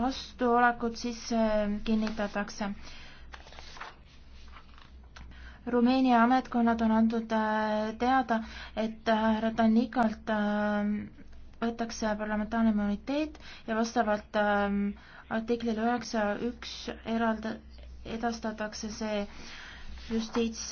vastuolekut, siis kinnitatakse. Rumeenia ametkonnad on andnud äh, teada, et äh, härra Tanikalt äh, võetakse parlamentaarne immuniteet ja vastavalt artiklile üheksa üks eralda, edastatakse see justiits